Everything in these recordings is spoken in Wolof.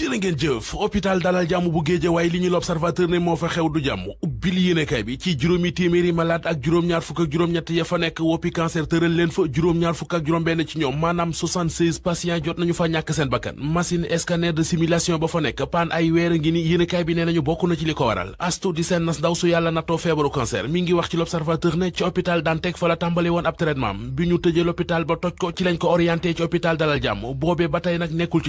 jërë ngeen jëf hôpital dalal jàmm bu géeje waaye li ñu l'observateur ne moo fa xew du jàmm ubbil yéenekaay bi ci juróomi téeméeri malade ak juróom-ñaar fukk ak juróom-ñett ya fa nekk woppi cancer tëral leen fa juróom-ñaar fukk ak juróom-benn ci ñoom maanaam 76 jot nañu fa ñàkk seen bakkan machine scanner de simulation ba fa nekk paan ay weer a ngi ni yéenekaay bi nee nañu bokk na ci li ko waral astu di seen nas ndaw su yàlla nattoo feebaru cancer mi ngi wax ci l'observateur ne ci hôpital Dantec fa la tàmbali woon ab traitement bi ñu tëjee l'hôpital ba toj ko ci lañ ko orienté ci hôpital dalal jàmm boobee ba tey nag nekkul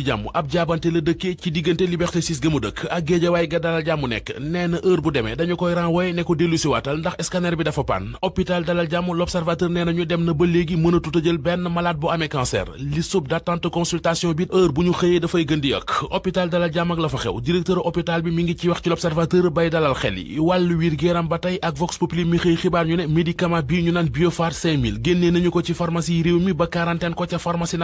demee dañu koy Laurent Way ne ko dellu si waatal ndax scanner bi dafa panne hôpital dalal jàmm l'observateur nee na dem na ba léegi mënatut a benn malade bu amee cancer li sub d'attente consultation bi heure bu ñu xëyee dafay gën di yokk hôpital dalal jàmm ak la fa xew directeur hôpital bi mi ngi ci wax ci l'observateur bay dalal xel yi wàllu wiir géeram ba tey ak vox populi mi xëy xibaar ñu ne médicament bii ñu naan Biophar génnee nañu ko ci pharmacie réew mi ba ko ca pharmacie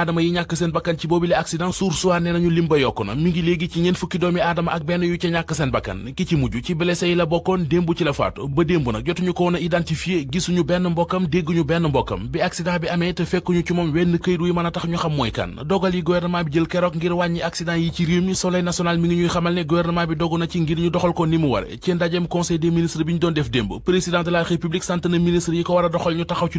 aadama yi ñàkk seen bakkan ci boobu le accident sursuwaa ne nañu lim ba na mi ngi léegi ci ñeen fukki doomi aadama ak benn yu ca ñàkk seen bakkan ki ci mujj ci blessé yi la bokkoon démb ci la faatu ba démb nag jotuñu ko woon a identifié gisuñu benn mbokkam dégguñu benn mbokkam bi accident bi amee te fekkuñu ci moom wenn këyit wuy mën a tax ñu xam mooy kan dogal yi gouvernement bi jël keroog ngir wàññi accident yi ci réew mi soleil national mi ngi ñuy xamal ne gouvernement na ci ngir ñu doxal ko ni mu ware ci ndajem conseil de la république sant na ministre yi ko a doxal ñu taxaw ci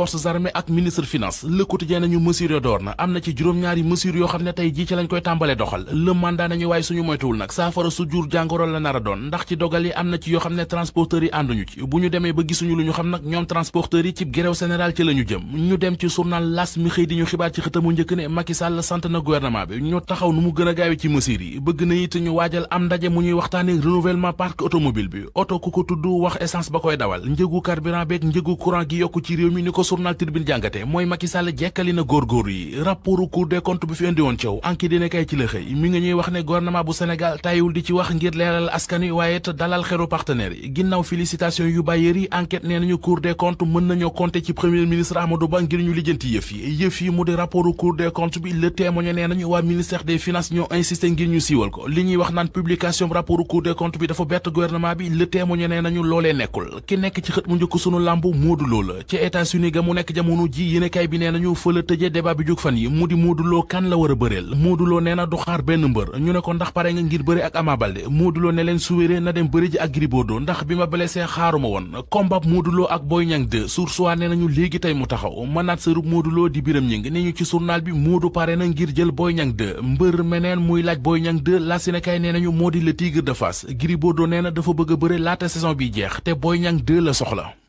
forces ak ministre finance le quotidien nañu mesure yo na am na ci juróom-ñaari mesure yoo xam ne tey jii ci lañ koy tàmbale doxal le mandat nañu waaye suñu moytuwul nag saafara su jàngoro la nar a ndax ci dogal yi am na ci yoo xam ne transporteurs yi ànduñu ci bu ñu demee ba gisuñu lu ñu xam nag ñoom transporteurs yi ci grève générale ci la jëm ñu dem ci journal las mi xëy di ñu xibaar ci xëtamu njëkk ne Macky Sall sant na gouvernement journal Tribune jàngate mooy Macky Sall jekkali na góorgóorlu yi rapportu Cour des comptes bi fi indi woon coow enquête dina kay ci la xëy mi ngi ñuy wax ne gouvernement bu Sénégal tayul di ci wax ngir leeral askan waaye dalal xeru partenaires yi ginnaaw félicitation yu bàyyeer yi nee nañu Cour des comptes mën nañoo compter ci premier ministre Amadou Ba ngir ñu lijjanti yëf yi yëf yi mu di rapportu Cour des comptes bi le témoigné nee nañu waa ministère des finances ñoo insisté mu nekk jamono ji yéenekaay bi nee nañu fa la tëjee débat bi jóg fan yi mu di Modou kan la war a bëreel Modou Lo nee na du xaar benn mbër ñu ne ko ndax pare nga ngir bëri ak Ama Baldé Modou ne leen suwéré na dem bëri ji ak Gris Bordeaux ndax bi ma blessé xaaruma woon combat Modou Lo ak booy Niang 2 source nee nañu léegi tey mu taxaw mënaat sërub Modou Lo di biram ñing ne ñu ci journal bi Modou pare na ngir jël Boy Niang 2 mbër meneen muy laaj Boy Niang 2 la sinekaay nee nañu moo di le tigre de Fass Gris Bordeaux nee na dafa bëgg a bëre saison bi jeex te Boy Niang 2 la soxla